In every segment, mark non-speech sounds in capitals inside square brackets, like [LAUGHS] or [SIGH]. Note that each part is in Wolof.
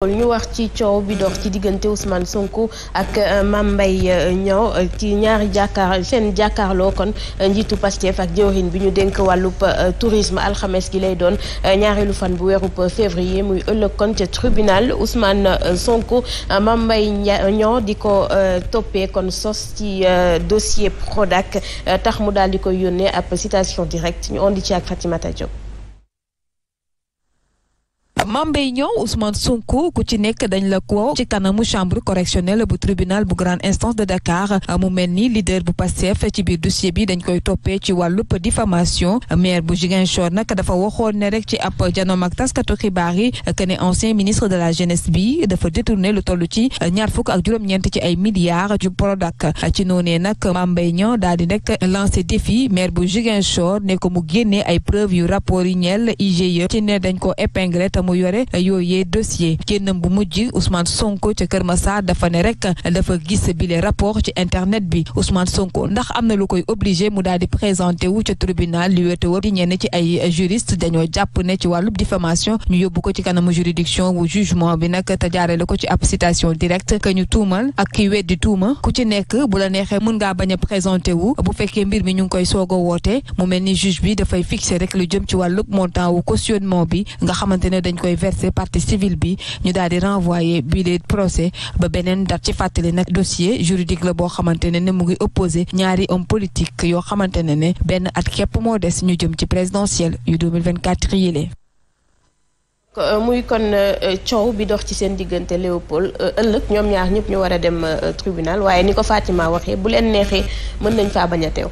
loolu ñu wax ci coow bi dox ci diggante Ousmane Sonko ak euh, Mame Mbaye euh, Niang euh, ci ñaari jàkkaar seen jàkkaarloo kon njiitu Pastef ak jëwriñ bi ñu dénk wàllub tourisme alxames gi lay doon ñaareelu fan bu weerub février muy ëllëg kon ca tribunal Ousmane Sonko Mame Mbaye Niang di ko toppee kon sos ci dossier Prodac tax mu daal di koy yónnee ab citation directe ñu indi ci ak Fatimata Diop Mame Mbaye Niang Ousmane Sonko ku ci nekk dañ la ko ci kanamu chambre correctionnelle bu tribunal bu grande instance de Dakar mu mel ni leader bu Pastef ci biir dossier bi dañ koy toppee ci wàllub diffamation maire bu Ziguinchor nag dafa waxoon ne rek ci ab janoom ak taskatu xibaar yi que ne ancien ministre de la jeunesse bi dafa détourné lu toll ci ñaar fukk ak juróom-ñeent ci ay milliards ju Prodac ci noonee nag Mame daal di rek lancé défi maire bu Ziguinchor ne ko mu génnee ay preuves yu rapport yi e dañ ko épinglé te yore yooyee dossier génnam bu mujj Ousmane Sonko ca Kër Massar dafa ne rek dafa gis bile rapport ci internet bi Ousmane Sonko ndax am na lu koy obligé mu daal di présenté wu ca tribunal li wéete wër ñenn ci ay juriste dañoo jàpp ne ci wàllub diffamation ñu yóbbu ko ci kanamu juridiction wu jugement bi nag te la ko ci ab citation directe que ñu tuumal ak ki weddi tuuma ku ci nekk bu la neexee mun ngaa bañ a présenté wu bu fekkee mbir mi ñu ngi koy soog woote mu mel ni juge bi dafay rek lu jëm ci wàllub montant koy versé partie civile bi ñu daal di renvoyé bii les procès ba beneen date ci fàttali nag dossier juridique la boo xamante ne ne mu ngi opposé ñaari homme politique yoo xamante ne ne benn at képp moo des ñu jëm ci présidentielle yu 2024 yile euh, muy kon euh, coow bi dox ci seen diggante Léopold euh, ëllëg ñoom ñaar ñëpp ñu war a dem tribunal waaye ni ko Fatima waxee bu leen neexee mën nañ faa bañ a teew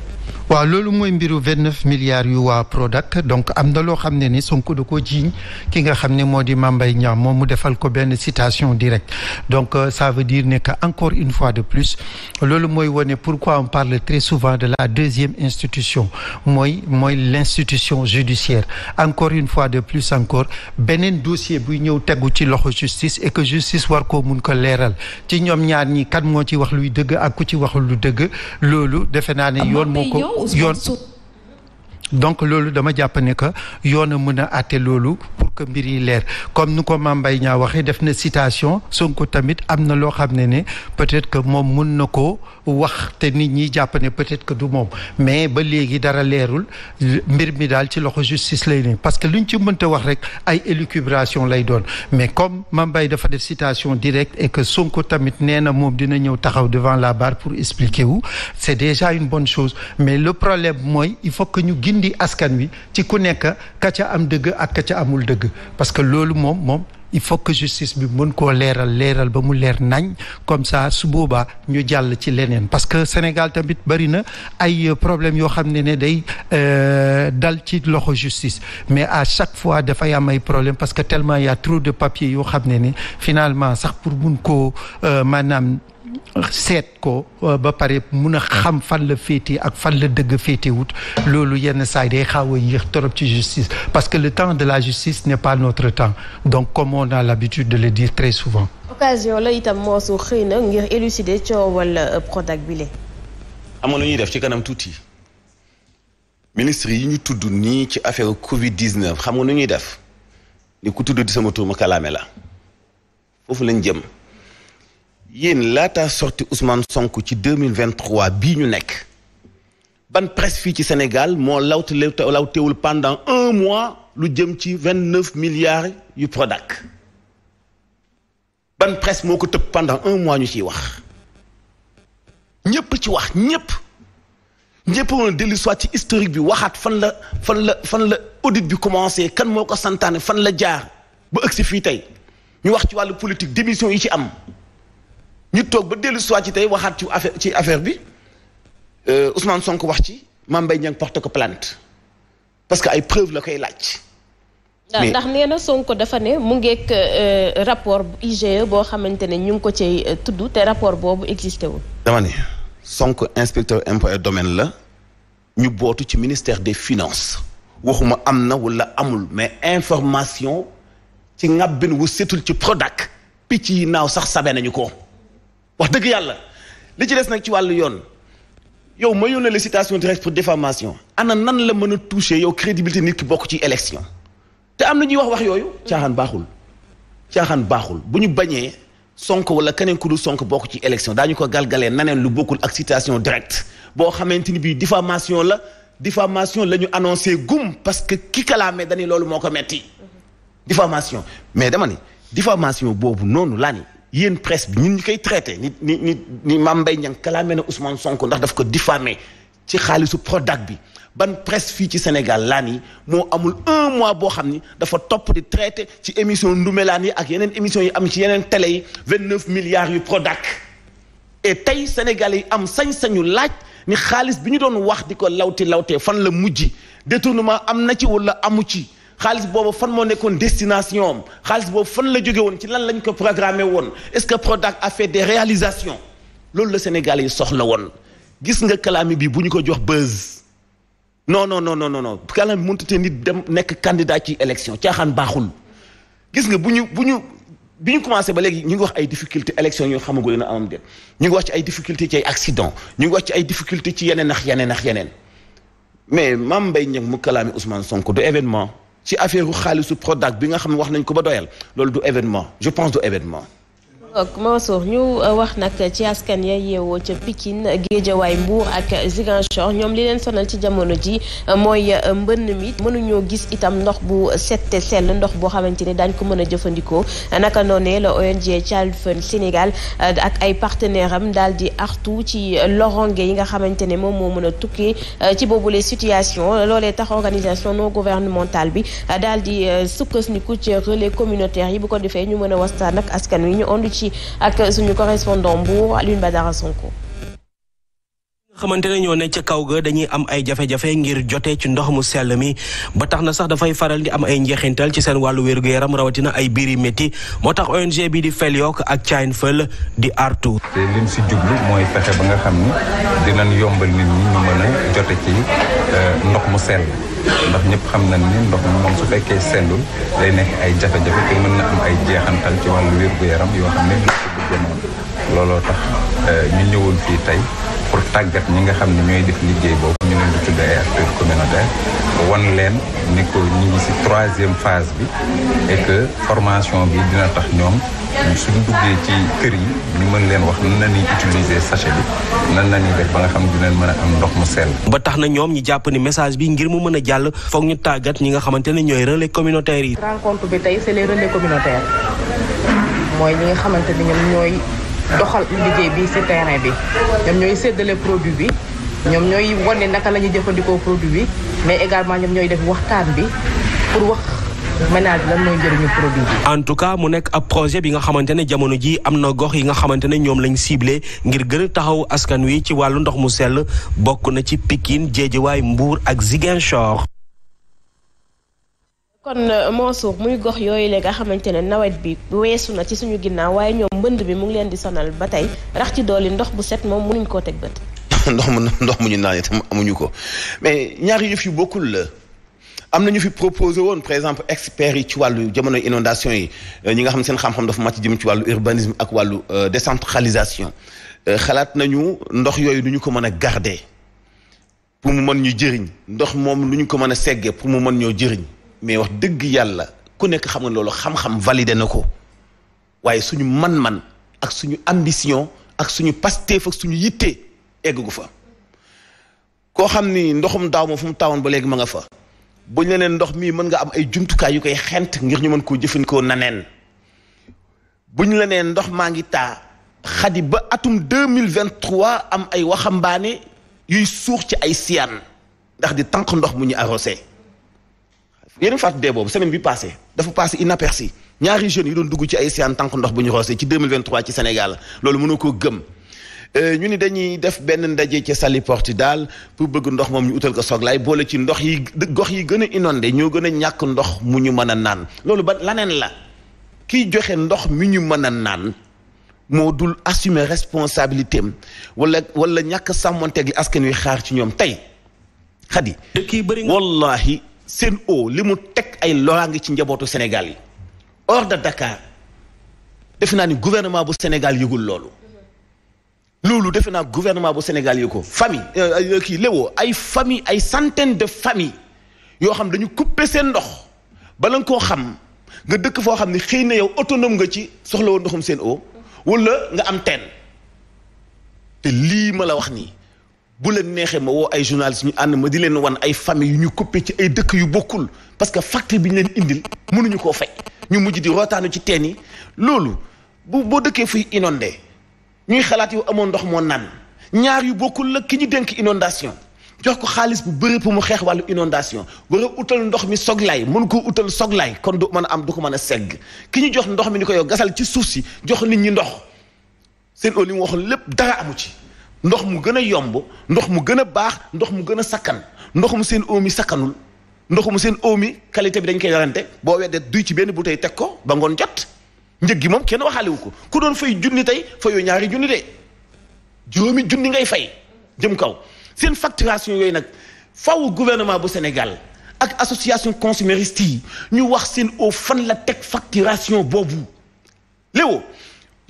waaw loolu mooy mbiru vingt neuf milliards yu waa Prodac donc am na loo xam ne ni Sonko du ko jiiñ ki nga xam ne moo di Mame Mbaye Niang moom mu defal ko benn situation directe donc euh, ça veut dire ne que encore une fois de plus loolu mooy wone pourquoi on parle très souvent de la deuxième institution mooy mooy l'institution judiciaire encore une fois de plus encore beneen dossier buy ñëw tegu ci loxo justice et que justice war koo mun ko leeral ci ñoom ñaar ñii kan moo ci wax luy dëgg ak ku ci waxul lu dëgg loolu defe naa ne yoon moo ko yoon donc loolu dama jàpp ne que yoon a mën a àtte loolu pour que mbir yi leer comme nu ko Mame ñaa waxe def na citation Sonko tamit am na loo xam ne ne peut-être que moom mën na ko wax te nit ñi jàpp ne peut-être que du moom mais ba léegi dara leerul mbir mi daal ci loxo justice lay ne parce que luñ ci mënta wax rek ay élucubration lay doon mais comme Mame Mbaye dafa def citation directe et que Sonko tamit nee na moom dina ñëw taxaw devant la barre pour expliquer wu c'est déjà une bonne chose mais le gindi askan bi ci ku nekk ka ca am dëgg ak ka ca amul dëgg parce que loolu moom moom il faut que justice bi mën koo leeral leeral ba mu leer nañ comme ça su boobaa ñu jàll ci leneen parce que Sénégal tamit bari na ay euh, problème yoo xam ne ne day euh, dal ci loxo justice mais à chaque fois dafay am ay problème parce que tellement yaa a trop de papiers yoo xam ne ne finalement sax pour mun koo euh, maanaam seet ko euh, ba pare mun a xam fan la féete ak fan la dëgg féete wut loolu yenn saay day xaw a yéex trop ci justice parce que le temps de la justice n'est pas notre temps donc comme on a l'habitude de le dire très souvent occasion la itam moosu xëy na ngir élucider coowal euh, Prodac bi le amoon lu ñuy def ci kanam tuuti ministre yi ñu tudd nii ci affaire Covid 19 xam nga nu ñuy def ni ku tudd di sama tur ma kalaame la foofu lañ jëm yéen laata sorti Ousmane sonk ci 2023 bii ñu nekk ban presse fii ci Sénégal moo lawte lawteewul pendant un mois lu jëm ci vingt neuf milliards yu Prodac ban presse moo ko tëb pendant un mois ñu ciy wax ñépp ci wax ñépp ñépp woon dellu soit ci historique bi waxaat fan la fan la fan la audit bi commencé kan moo ko santaane fan la jaar ba ëgsi fii tey ñu wax ci wàllu politique démission yi ci am ñu toog ba dellu soit ci tey waxaat ci affaire ci affaire bi euh, Ousmane Sonko wax ci Mame Mbaye Niang porte ko plainte parce que ay preuve la koy laaj. mais ndax nee na Sonko dafa ne mu ngeek euh, rapport IGE boo xamante ne ñu ngi ko cay euh, tudd te rapport boobu existé wul. dama ne Sonko inspecteur impôt et domaine la ñu bootu ci ministère des finances waxuma am na wala amul mais information ci ŋàbbin wu setul ci Prodac picc yi naaw sax sabe nañu ko. wax dëgg yàlla li ci des nag ci wàllu yoon yow ma yónnee la citation directe pour diffamation ana nan la mën a toucher yow crédibilité nit ki bokk ci élection te am na ñuy wax wax yooyu caaxaan baaxul caaxaan baaxul bu ñu bañee sonk wala keneen ku dul sonk bokk ci élection daañu ko galgalee naneen lu bokkul ak citation directe boo xamante ni bii diffamation la diffamation la ñu annoncé gum parce que kii kalaamee danuy loolu moo ko metti diffamation mais dama ni diffamation boobu noonu laa yéen presse bi ñun ñu koy traité ni ni ni maam Mame Mbaye Niang kalaame na Ousmane sonk ndax daf ko diffamé ci xaalisu Prodac bi ban presse fii ci Sénégal laan yi moo amul un mois boo xam ni dafa topp di traité ci émission ndumelaan yi ak yeneen émission yi am ci yeneen télé yi vingt neuf milliards yu Prodac et tey Sénégalais yi am sañ-sañu laaj ni xaalis bi ñu doon wax di ko lawti lawtee fan la mujj détournement am na ci wala amu ci xaalis boobu fan moo nekkoon destination xaalis boobu fan la jóge woon ci lan lañ ko programme woon est-ce que Prodac a de réalisation loolu la Sénégal yi soxla woon gis nga kalaami bii bu ñu ko jox buzz non non non non non kalaami mënut nit dem nekk candidat ci élection caaxaan baaxul gis nga bu ñu bu ñu bi ñu commencé ba léegi ñu ngi wax ay difficulté élection yoo xamagul dina am ñu ngi wax ci ay difficulté ci ay accident ñu ngi wax ci ay difficulté ci yeneen ak yeneen yeneen mais Mame Mbaye Niang mu kalaami Ousmane Sonko du événement. ci affaire xaalisu Prodac bi nga xam ne wax nañ ko ba doyal loolu du événement je pense du événement Mansour ñu euh, wax nag ci askan ya yeewoo ca Pikine Géejawaay Mbuur ak Ziguinchor ñoom li leen sonal ci jamono ji euh, mooy euh, mbënn mi mënuñoo gis itam ndox bu set te sell ndox boo xamante ne daañ ko mën a jëfandikoo naka ne la ONG Child Fund Sénégal ak ay partenaire am daal di artu ci loronge yi nga xamante ne moom moo mën a tukkee ci boobule situation loolee tax organisation non gouvernementale bi daal di sukkandiku ci relais communautaire yi bu ko defee ñu mën a ak askan ci ak suñu correspondant Mbour Alioune Badara Sonko. xamante ne ñoo ne ca kaw ga dañuy am ay jafe-jafe ngir jote ci ndox mu sell mi ba tax na sax dafay faral di am ay njeexintal ci seen wàllu wér yaram rawatina ay biir yi métti moo tax ONG bi di fel yokk ak Cain Fël di artu te lim si jublu mooy fexe ba nga xam ni dinañ yombal nit ñu mën jote ci euh, ndox mu sell ndax ñëpp xam nañ ni ndox mi moom su fekkee sellul lay nekk ay jafe-jafe te mën na am ay jeexantal ci wàllu wér gu yaram yoo xam ne du ko bëgg noonu looloo tax euh, ñu ñëwul fii tey pour tàggat ñi nga xam ne ñooy def liggéey boobu ñu leen di tuddee ay acteurs communautaires wan leen ni ko ñu ngi si troisième phase bi et formation bi dina tax ñoom suñu duggee ci kër yi ñu mën leen wax nan la ñuy utiliser sachet bi nan la ñuy def ba nga xam dinañ mën a am ndox mu sell. ba tax na ñoom ñi jàpp ni message bi ngir mu mën a jàll foog ñu tàggat ñi nga xamante ne ñooy relais communautaires yi. rencontre bi tey c'est les relais mooy ñi nga xamante doxal liggéey bi si terrain bi ñoom ñooy séddale produit bi ñoom ñooy wane naka la ñuy jëfandikoo produit bi mais également ñoom ñooy def waxtaan bi pour wax ménage lan mooy njëriñu bi. en tout cas mu nekk ab projet bi nga xamante ne jamono ji am na gox yi nga xamante ne ñoom lañ ciblé ngir gën a taxaw askan wi ci wàllu ndox mu sell bokk na ci Pikine Guédiawaye mbuur ak Ziguinchor. kon euh, Mansour muy gox yooyu la nga xamante ne nawet bi weesu na ci suñu ginnaaw waaye ñoom mbënd bi mu ngi leen di sonal ba tey rax ci dooli ndox bu set moom mënuñ koo teg bët. [LAUGHS] ndox mu ndox mu ñu naan itam amuñu ko mais ñaari yëf yu bokkul la am na ñu fi proposé woon par exemple experts yi ci wàllu jamono inondation yi euh, ñi nga xam seen xam-xam dafa màcc jëm ci wàllu urbanisme ak wàllu euh, décentralisation xalaat nañu ndox yooyu du ñu ko mën a garde pour mu mën ñu jëriñ ndox moom lu ñu ko mën a seggee pour mu mën ñoo jëriñ. mais wax dëgg yàlla ku nekk xam nga loolu xam-xam validé na ko waaye suñu man-man ak suñu ambition ak suñu pasteef ak suñu yitte egg gu fa koo xam ni ndoxum daaw ma fu mu taawoon ba léegi ma nga fa buñ la ndox mii mën nga am ay jumtukaay yu koy xent ngir ñu mën koo jëfandikoo naneen buñ la neen ndox maa ngi taa xadi ba atum deux mille vingt trois am ay waxambaane yuy suux ci ay siyaan ndax di tànq ndox mu ñu arrosé yéen a fàttali dee boobu semaine bi passé dafa passé inaperçu ñaari jeunes yi doon dugg ci ay seen tànk ndox bu ñu roosee ci 2023 loolu mënoo koo gëm. Euh, ñu ni dañuy def benn ndaje ca Saly Portudal pour bëgg ndox moom ñu utal ko soglaay boole ci ndox yi gox yi gën a inondé ñoo gën a ñàkk ndox mu ñu mën a naan loolu ba laneen la kiy joxe ndox mi ñu mën a naan moo dul assume responsabilité am wala wala ñàkk sàmmonteeg li askan wi xaar ci ñoom tey xadi seen o li mu teg ay loraange ci njabootu Sénégal yi hors Dakar defe naa ni gouvernement bu Sénégal yëgul loolu loolu defe naa gouvernement bu Sénégal yëg ko famille euh, euh, kii léwoo ay famille ay centaine de famille yoo xam dañu couper seen ndox bala nga koo xam nga dëkk foo xam ni xëy na yow autonome nga ci soxla ndoxum seen o wala nga am teen te lii ma la wax nii bu leen neexee ma woo ay journalistes ñu ànd ma di leen wan ay famille yu ñu coupé ci ay dëkk yu bokkul parce que facture bi ñu leen indil mënuñu koo fay ñu mujj di rootaanu ci teen yi loolu bu boo dëkkee fuy inondé ñuy xalaat yow amoon ndox moo naan ñaar yu bokkul la ki ñu dénk inondation jox ko xaalis bu bëri pour mu xeex wàllu inondation war utal ndox mi soglaay mën koo utal soglaay kon du mën a am du ko mën a segg ki ñu jox ndox mi ni ko yow gasal ci suuf si jox nit ñi ndox seen au li mu waxoon lépp dara amu ci ndox mu gën a yomb ndox mu gën a baax ndox mu gën a sakkan ndox mu seen omi sakkanul ndox mu seen omi qualité bi dañ koy werante boo weddee duy ci benn bouteille teg ko ba ngoon jot njëg moom kenn waxaalewu ko ku doon fay junni tey fayoo ñaari junni de juróomi junni ngay fay jëm kaw seen facturation yooyu nag faw gouvernement bu Sénégal ak association consumériste yi ñu wax seen au fan la teg facturation boobu léwo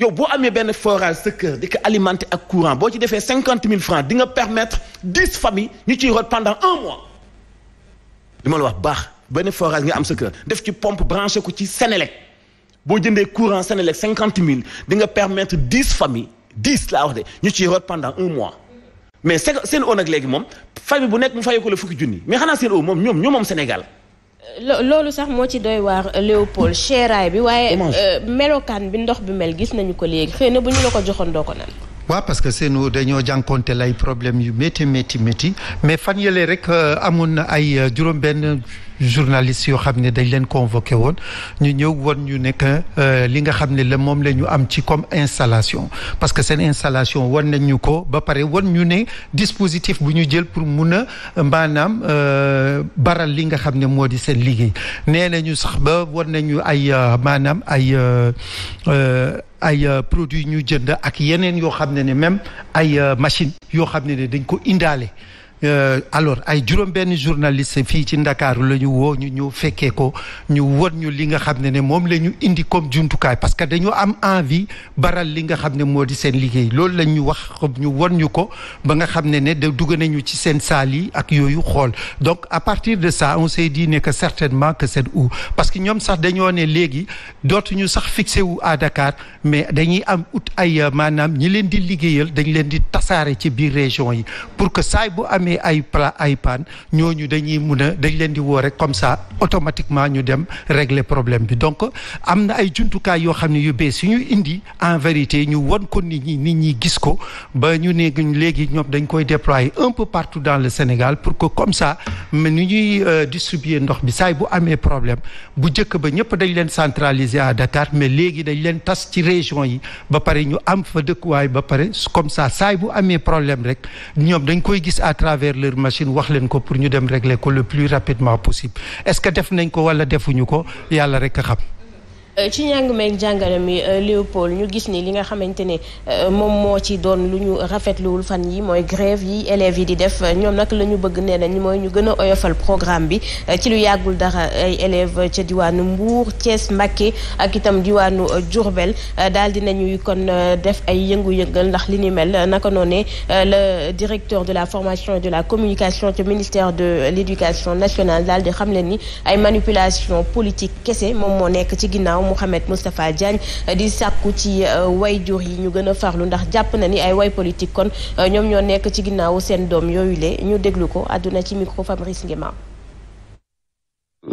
yow boo amee benn forage sa kër di ko alimenter ak courant boo ci defee cinquante mille francs di nga permettre dix ñu ciy root pendant un mois li ma la wax baax benn forage nga am sa def ci pompe branché ko ci Sénélec boo jëndee courant Sénélec cinquante mille di nga permettre dix familles dix laa wax de ñu ci root pendant un mois mais seen seen eau nag léegi moom famille bu nekk mu fayee ko fukki junni mais xanaa seen eau moom ñoom ñoo moom Sénégal loolu sax moo ci doy waar euh, Léopold chéraay bi waaye euh, melokaan bi ndox bi mel gis nañu ko léegi xëy na bu ñu la ko joxoon doo ko naan waaw parce que seen seenu dañoo jànkoonte lay problème yu métti métti métti mais fan yële rek euh, amoon na ay juróom benn journalistes yoo xam ne dañ leen convoqué woon ñu ñëw woon ñu ne que euh, li nga xam ne la moom la ñu am ci comme installation parce que seen installation wan nañ ñu ko ba pare wan ñu ne dispositif bu ñu jël pour mun a maanaam euh, baral li nga xam ne moo di seen liggéey nee nañu sax ba wan nañu ay euh, maanaam ay ay produits ñu jënd ak yeneen yoo xam ne ne même ay machine yoo xam ne ne dañ ko indaale Euh, alors ay juróom-benn journaliste fii ci ndakaaru la ñu woo ñu ñëw fekkee ko ñu won ñu li nga xam ne ne moom la ñu indi comme jumtukaay parce que dañu am envie baral li nga xam ne moo di seen liggéey loolu lañ ñu wax ñu won ñu ko ba nga xam ne ne da dugg nañu ci seen saal yi ak yooyu xool donc à partir de ça on s'est dit ne que certainement que c'est où parce que ñoom sax dañoo ne léegi dootuñu sax fixé wu à Dakar mais dañuy am ut ay euh, maanaam ñi leen di liggéeyal dañ leen di tasaare ci biir région yi amee ay pla ay panne ñooñu dañuy mun a dañ leen di woo rek comme ça automatiquement ñu dem régler problème bi donc am na ay jumtukaay yoo xam ne yu bees yu ñu indi en vérité ñu won ko nit ñi nit ñi gis ko ba ñu ne léegi ñoom dañ koy déployer un peu partout dans le Sénégal pour que comme ça mais nu ñuy euh, distribuer ndox bi saay bu amee problème bu njëkk ba ñëpp dañ leen centraliser à Dakar mais léegi dañ leen tas ci région yi ba pare ñu am fa dëkkuwaay ba pare comme ça saay bu amee problème rek travers leur machine wax leen ko pour ñu dem régler ko le plus rapidement possible est-ce que def nañ ko wala defuñu ko yàlla rek a xam Euh, ci njàng meeg jàngale mi euh, Léopold ñu gis ni li nga xamante ne euh, moom moo ci doon lu ñu rafetluwul fan yi mooy greve yi élèves yi di def ñoom nag la ñu bëgg nee nañ mooy ñu gën a oyofal programme bi ci lu yàggul dara ay élèves ca diwaanu Mbour Thiès Mbacké ak itam diwaanu Diourbel daal di nañuy kon def ay yëngu-yëngal ndax li ni mel naka noonee le directeur de la formation de la communication ci ministère de l'éducation nationale daal di xam leen ni ay manipulation politique kese moom moo nekk ci ginnaaw Mouhamed Moustapha Diagne eh, di sàkku ci eh, wayjur yi ñu gën a farlu ndax jàpp na ni ay way politique kon eh, ñoom ñoo nekk ci ginnaawu seen doom yooyu le ñu déglu ko àdduna ci micro Fabrice Ngema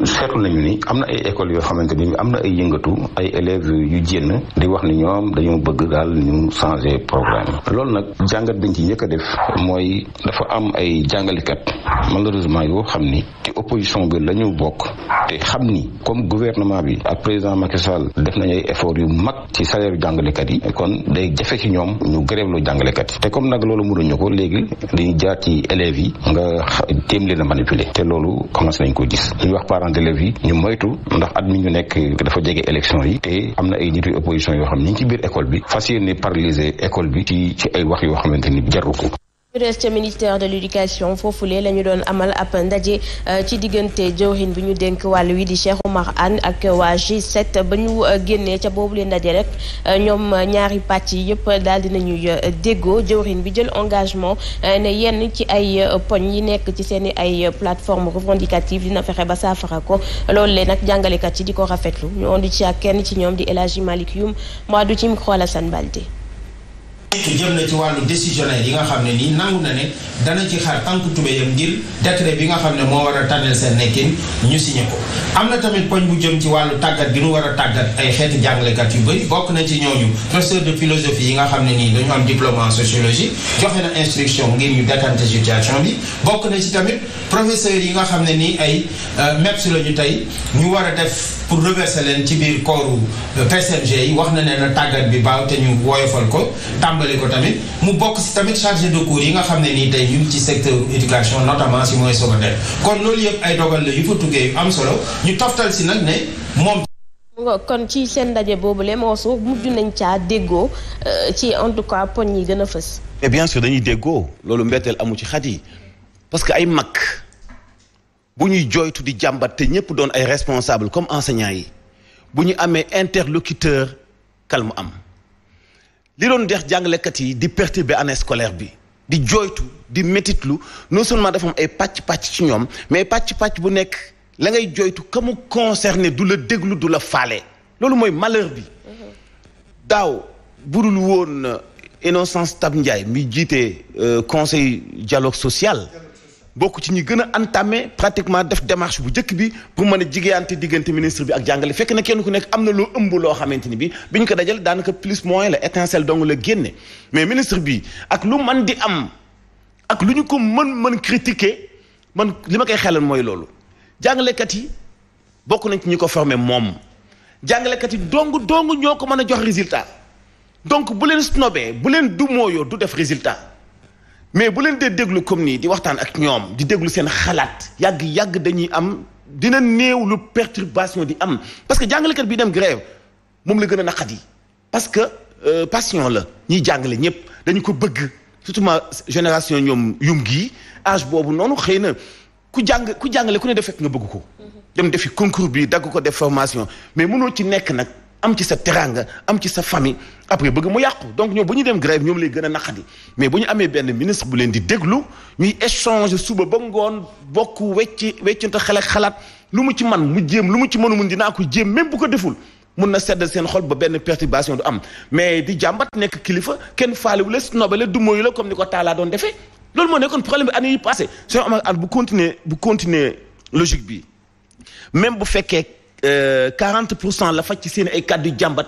seetlu nañu ni am na ay écoles yoo xamante ni am na ay yëngatu ay élèves yu jénn di wax ni ñoom dañoo bëgg daal ñu changé programme loolu nag jàngat biñ ci njëkk a def mooy dafa am ay jàngalikat malheureusement yoo xam ni ci opposition bi la ñu bokk te xam ni comme gouvernement bi ak président Macky def nañu ay efforts yu mag ci salaire jàngalekat yi kon day jafe ci ñoom ñu gréewloo jàngalekat yi te comme nag loolu mënuñu ko léegi dañuy jaar ci élèves yi nga téem leen a te loolu commencé nañ ko gis parents d'élèves yi ñu moytu ndax at mi ñu nekk dafa jege élection yi te am na ay njiitu opposition yoo xam ñi ngi biir école bi fas yéene paralyser école bi ci ci ay wax yoo xamante ni jaru ko ñu des ca ministère de l'éducation foofulee la ñu doon amal ab ndaje euh, ci diggante jawrin bi ñu dénk wàll wi di Cheikh Oumar Anne ak waa G7 ba ñu euh, génnee ca boobu lee ndaje rek euh, ñoom ñaari pàcc yëpp daal di nañuy déggoo jawrin bi jël engagement ne yenn ci ay poñ yi nekk ci seen i ay plateforme revendicative dina fexe ba saafara ko loolu leen nag jàngalekat yi di ko rafetlu ñu ondi ci ak kenn ci ñoom di El Hadji Malick Youm moo du ci micro Alassane Balde jëm na ci wàllu décisionnaire yi nga xam ne nii nangu na ne dana ci xaar tànk tubéyam ngir décret bi nga xam ne moo war a tànneel seen nekkin ñu signé ko am na tamit poñ bu jëm ci wàllu tàggat bi nu war a tàggat ay xeeti jàngalekat yu bëri bokk na ci ñooñu professeur de philosophie yi nga xam ne nii dañu am diplôme en sociologie joxe na instruction ngir ñu décanter situation bi bokk na ci tamit professeur yi nga xam ne nii ay euh, MEPS la ñu tey ñu war a def pour reverser leen ci biir kooru euh, PCMG yi wax na ne tàggat bi baaw te ñu woyofal ko tàmbali tamit mu bokk si tamit chargé de cours yi nga xam ne nii tey ñu ci secteur éducation notamment si mooy secondaire kon loolu yëpp ay dogal la yu fa tukkee yu am solo ñu toftal si nag ne moom. kon ci seen ndaje boobu le moo suuf mujj nañ caa déggoo euh, ci en tout cas poñ yi gën a fës. mais bien sûr dañuy déggoo loolu mbetteel amu ci xat yi parce que ay mag bu ñuy jooytu di jàmbat te ñëpp doon ay responsable comme enseignants yi bu ñu amee interlocuteur kalmu am. li doon deex jàngalekat yi di perturber année scolaire bi di jooytu di métitlu non seulement dafa ay pàcc-pàcc ci ñoom mais pàcc-pàcc bu nekk la ngay jooytu ka mu concerné du la déglu du la faale loolu mooy malheur bi daaw budul woon euh, Innocence Tab Ndiaye mi jiite euh, conseil dialogue social bokk ci ñi gën a entamé pratiquement def démarche bu njëkk bi pour mën a jigéeyante diggante ministre bi ak jàngale fekk na kenn ku nekk am na loo ëmb loo xamante ni bi bi ñu ko dajal daanaka plus moyen la étincelle dong la génne mais ministre bi ak lu man di am ak lu ñu ko mën mën critiquer man li ma koy xelal mooy loolu jàngalekat yi bokk nañ ci ñi ko formé moom jàngalekat yi dong dong ñoo ko mën a jox résultat donc bu leen snobee bu leen dumooyoo du def résultat mais bu leen dee déglu comme nii di waxtaan ak ñoom di déglu seen xalaat yàgg-yàgg dañuy am dina néew lu perturbation di am parce que jàngalekat bii dem grève moom la gën a naqat yi parce que euh, passion la ñiy jàngale ñëpp dañu ko bëgg surtout ma génération ñoom yum gii age boobu noonu xëy na ku jàng ku jàngale ku ne def fekk nga bëgg ko mm-hmm. dem defi concours bi dagg ko def formation mais mënoo ci nekk nag am ci sa teranga am ci sa famille après bëgg mu yàqu donc ñoom bu ñu dem grève ñoom lay gën a naqadi mais bu ñu amee benn ministre bu leen di déglu ñuy échanger suba ba ngoon bokk wecci weccante xel ak xalaat lu mu ci man mu jéem lu mu ci mënu mun dinaa ko jéem même bu ko deful mun na sedd seen xol ba benn perturbation du am mais di jàmbat nekk kilifa kenn faaliwu la snobale du moyu la comme ni ko taalaa doon defee loolu moo nekkoon problème bi année yi passé soo am bu continuer bu continuer logique bi même bu fekkee 40 euh, pour cent la faj ci seen ay kàddu jàmbat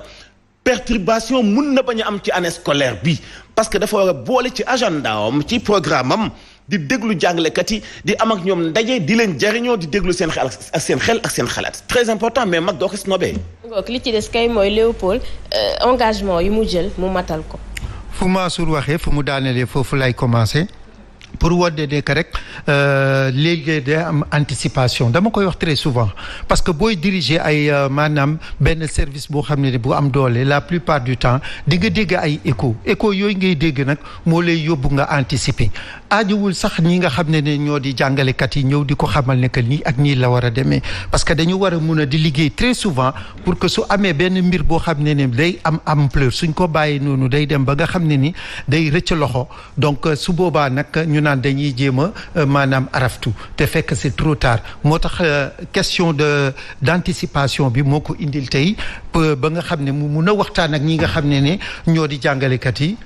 perturbation mun na bañ a am ci année scolaire bi parce que dafa war boole ci agenda am ci programme am di déglu jàngalekat yi di am ak ñoom ndaje di leen jariñoo di déglu seen xel ak seen xel ak seen xalaat très important mais mag doo ko snobee. li ci des kay mooy Léopold euh, engagement yi mu jël mu matal ko. fu Mansour waxee fu mu daanelee foofu lay commencer. pour wadde de que rek euh, léegi day am anticipation dama koy wax très souvent parce que booy diriger ay euh, maanaam benn service boo xam ne ne bu am doole la plupart du temps di dégg ay éco écho yooyu ngay dégg nag moo lay yóbbu nga anticiper aajuwul sax ñi nga xam ne ne ñoo di jàngalekat yi ñëw di ko xamal ne que nii ak nii la war a demee parce que dañu war a mun a di liggéey très souvent pour que su amee benn mbir boo xam ne ne day am ampleur suñ ko bàyyi noonu day dem ba nga xam ne ni day rëcc loxo donc euh, su boobaa nag ñu naan dañuy jéem a euh, maanaam araftu te fekk c'est trop tard moo tax euh, question de d'anticipation bi moo ko indil tey ba nga xam ne mu mun a waxtaan ak ñi nga xam ne ne ñoo di jàngalekat yi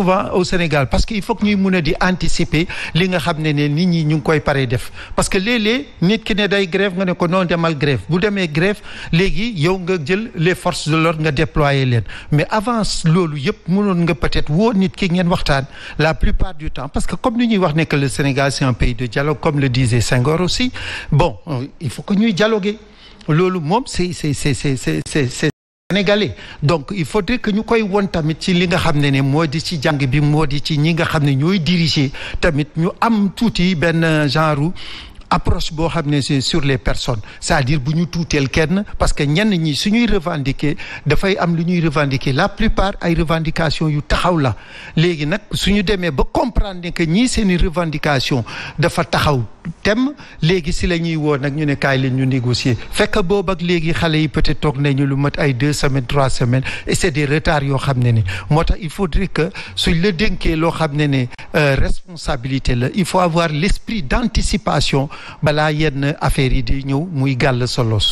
souvent au Sénégal parce que il faut que ñuy mun a di anticiper li nga xam ne ne nit ñi ñu ngi koy paree def parce que léeg-léeg nit ki ne day grève nga ne ko noon demal grève bu demee grève léegi yow nga jël les forces de l'ordre nga déployer leen mais avant loolu yëpp mënoon nga peut-être woo nit ki ngeen waxtaan la plupart du temps parce que comme ni ñuy wax ne que le Sénégal c'est un pays de dialogue comme le disait Senghor aussi bon il faut que ñuy dialoguer loolu moom c'est sénégalais donc il faudrait que ñu koy won tamit ci li nga xam ne ne moo di ci jàng bi moo di ci ñi nga xam ne ñooy diriger tamit ñu am tuuti benn genre approche boo xam ne c'est sur les personnes c'est-à-dire bu ñu tuuteel kenn parce que ñenn ñi suñuy revendiquer dafay am lu ñuy revendiquer la plupart ay revendications yu taxaw la léegi nag su ñu demee ba comprendre ne que ñii seeni revendication dafa taxaw tem léegi si la ñuy woo nag ñu ne kaay leen ñu négocier fekk boobu ak léegi xale yi peut-être toog nañu lu mat ay deux semaines trois semaines et c'est des retards yoo xam ne ni moo tax il faudrait que suñ la dénkee loo xam ne ne euh, responsabilité la il faut avoir l'esprit d'anticipation balaa yenn affaires yi di ñëw muy gàll solos